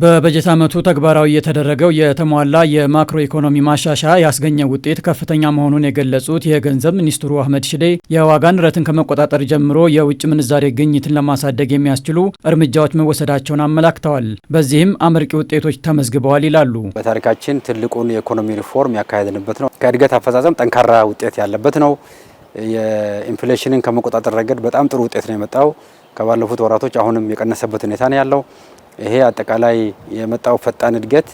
በበጀት ዓመቱ ተግባራዊ የተደረገው የተሟላ የማክሮ ኢኮኖሚ ማሻሻያ ያስገኘው ውጤት ከፍተኛ መሆኑን የገለጹት የገንዘብ ሚኒስትሩ አህመድ ሽዴ የዋጋ ንረትን ከመቆጣጠር ጀምሮ የውጭ ምንዛሬ ግኝትን ለማሳደግ የሚያስችሉ እርምጃዎች መወሰዳቸውን አመላክተዋል። በዚህም አመርቂ ውጤቶች ተመዝግበዋል ይላሉ። በታሪካችን ትልቁን የኢኮኖሚ ሪፎርም ያካሄድንበት ነው። ከእድገት አፈጻጸም ጠንካራ ውጤት ያለበት ነው። የኢንፍሌሽንን ከመቆጣጠር ረገድ በጣም ጥሩ ውጤት ነው የመጣው። ከባለፉት ወራቶች አሁንም የቀነሰበት ሁኔታ ነው ያለው። ይሄ አጠቃላይ የመጣው ፈጣን እድገት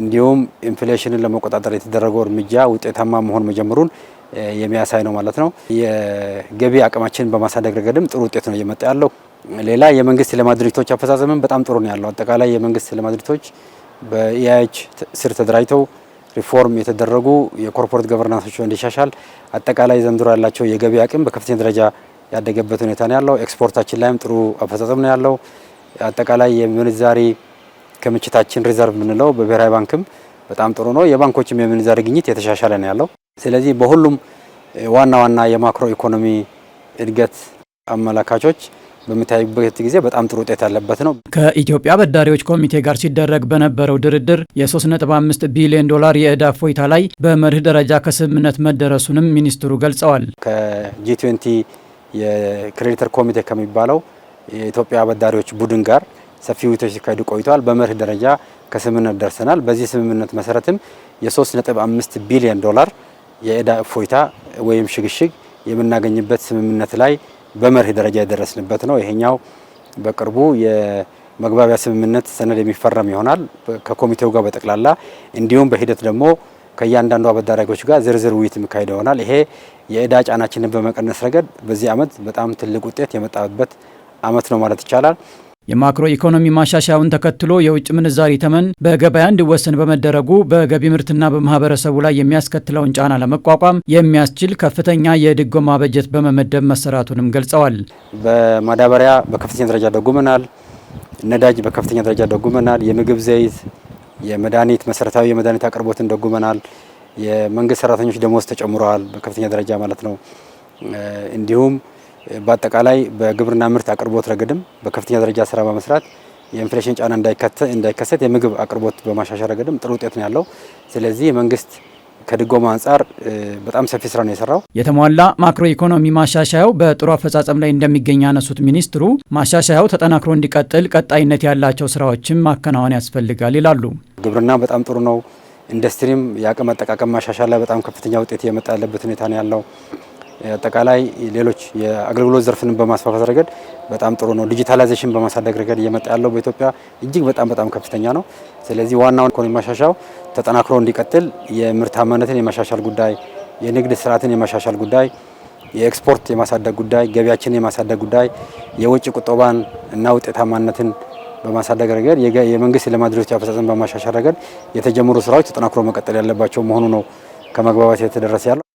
እንዲሁም ኢንፍሌሽንን ለመቆጣጠር የተደረገው እርምጃ ውጤታማ መሆን መጀመሩን የሚያሳይ ነው ማለት ነው። የገቢ አቅማችንን በማሳደግ ረገድም ጥሩ ውጤት ነው እየመጣ ያለው። ሌላ የመንግስት ልማት ድርጅቶች አፈጻጸምም በጣም ጥሩ ነው ያለው። አጠቃላይ የመንግስት ልማት ድርጅቶች በኢአይች ስር ተደራጅተው ሪፎርም የተደረጉ የኮርፖሬት ገቨርናንሶች እንዲሻሻል አጠቃላይ ዘንድሮ ያላቸው የገቢ አቅም በከፍተኛ ደረጃ ያደገበት ሁኔታ ነው ያለው። ኤክስፖርታችን ላይም ጥሩ አፈጻጸም ነው ያለው። አጠቃላይ የምንዛሪ ክምችታችን ሪዘርቭ የምንለው በብሔራዊ ባንክም በጣም ጥሩ ነው። የባንኮችም የምንዛሪ ግኝት የተሻሻለ ነው ያለው። ስለዚህ በሁሉም ዋና ዋና የማክሮ ኢኮኖሚ እድገት አመላካቾች በሚታይበት ጊዜ በጣም ጥሩ ውጤት ያለበት ነው። ከኢትዮጵያ በዳሪዎች ኮሚቴ ጋር ሲደረግ በነበረው ድርድር የ3.5 ቢሊዮን ዶላር የእዳ ፎይታ ላይ በመርህ ደረጃ ከስምምነት መደረሱንም ሚኒስትሩ ገልጸዋል። ከጂ20 የክሬዲተር ኮሚቴ ከሚባለው የኢትዮጵያ አበዳሪዎች ቡድን ጋር ሰፊ ውይይቶች ሲካሄዱ ቆይተዋል። በመርህ ደረጃ ከስምምነት ደርሰናል። በዚህ ስምምነት መሰረትም የ3.5 ቢሊዮን ዶላር የእዳ እፎይታ ወይም ሽግሽግ የምናገኝበት ስምምነት ላይ በመርህ ደረጃ የደረስንበት ነው። ይሄኛው በቅርቡ የመግባቢያ ስምምነት ሰነድ የሚፈረም ይሆናል ከኮሚቴው ጋር በጠቅላላ እንዲሁም በሂደት ደግሞ ከእያንዳንዱ አበዳሪዎች ጋር ዝርዝር ውይይት የሚካሄድ ይሆናል። ይሄ የእዳ ጫናችንን በመቀነስ ረገድ በዚህ ዓመት በጣም ትልቅ ውጤት የመጣበት ዓመት ነው ማለት ይቻላል። የማክሮ ኢኮኖሚ ማሻሻያውን ተከትሎ የውጭ ምንዛሪ ተመን በገበያ እንዲወሰን በመደረጉ በገቢ ምርትና በማህበረሰቡ ላይ የሚያስከትለውን ጫና ለመቋቋም የሚያስችል ከፍተኛ የድጎማ በጀት በመመደብ መሰራቱንም ገልጸዋል። በማዳበሪያ በከፍተኛ ደረጃ ደጉመናል። ነዳጅ በከፍተኛ ደረጃ ደጉመናል። የምግብ ዘይት፣ የመድኃኒት መሰረታዊ የመድኃኒት አቅርቦትን ደጉመናል። የመንግስት ሰራተኞች ደሞዝ ተጨምረዋል በከፍተኛ ደረጃ ማለት ነው። እንዲሁም በአጠቃላይ በግብርና ምርት አቅርቦት ረገድም በከፍተኛ ደረጃ ስራ በመስራት የኢንፍሌሽን ጫና እንዳይከሰት የምግብ አቅርቦት በማሻሻል ረገድም ጥሩ ውጤት ነው ያለው። ስለዚህ የመንግስት ከድጎማ አንጻር በጣም ሰፊ ስራ ነው የሰራው። የተሟላ ማክሮ ኢኮኖሚ ማሻሻያው በጥሩ አፈጻጸም ላይ እንደሚገኝ ያነሱት ሚኒስትሩ ማሻሻያው ተጠናክሮ እንዲቀጥል ቀጣይነት ያላቸው ስራዎችን ማከናወን ያስፈልጋል ይላሉ። ግብርና በጣም ጥሩ ነው። ኢንዱስትሪም የአቅም አጠቃቀም ማሻሻል ላይ በጣም ከፍተኛ ውጤት እየመጣ ያለበት ሁኔታ ነው ያለው። አጠቃላይ ሌሎች የአገልግሎት ዘርፍን በማስፋፋት ረገድ በጣም ጥሩ ነው። ዲጂታላይዜሽን በማሳደግ ረገድ እየመጣ ያለው በኢትዮጵያ እጅግ በጣም በጣም ከፍተኛ ነው። ስለዚህ ዋናውን ኢኮኖሚ ማሻሻው ተጠናክሮ እንዲቀጥል የምርታማነትን የማሻሻል ጉዳይ፣ የንግድ ስርዓትን የማሻሻል ጉዳይ፣ የኤክስፖርት የማሳደግ ጉዳይ፣ ገቢያችንን የማሳደግ ጉዳይ፣ የውጭ ቁጠባን እና ውጤታማነትን በማሳደግ ረገድ የመንግስት የልማት ድርጅቶች አፈጻጸም በማሻሻል ረገድ የተጀመሩ ስራዎች ተጠናክሮ መቀጠል ያለባቸው መሆኑ ነው ከመግባባት የተደረሰ ያለው።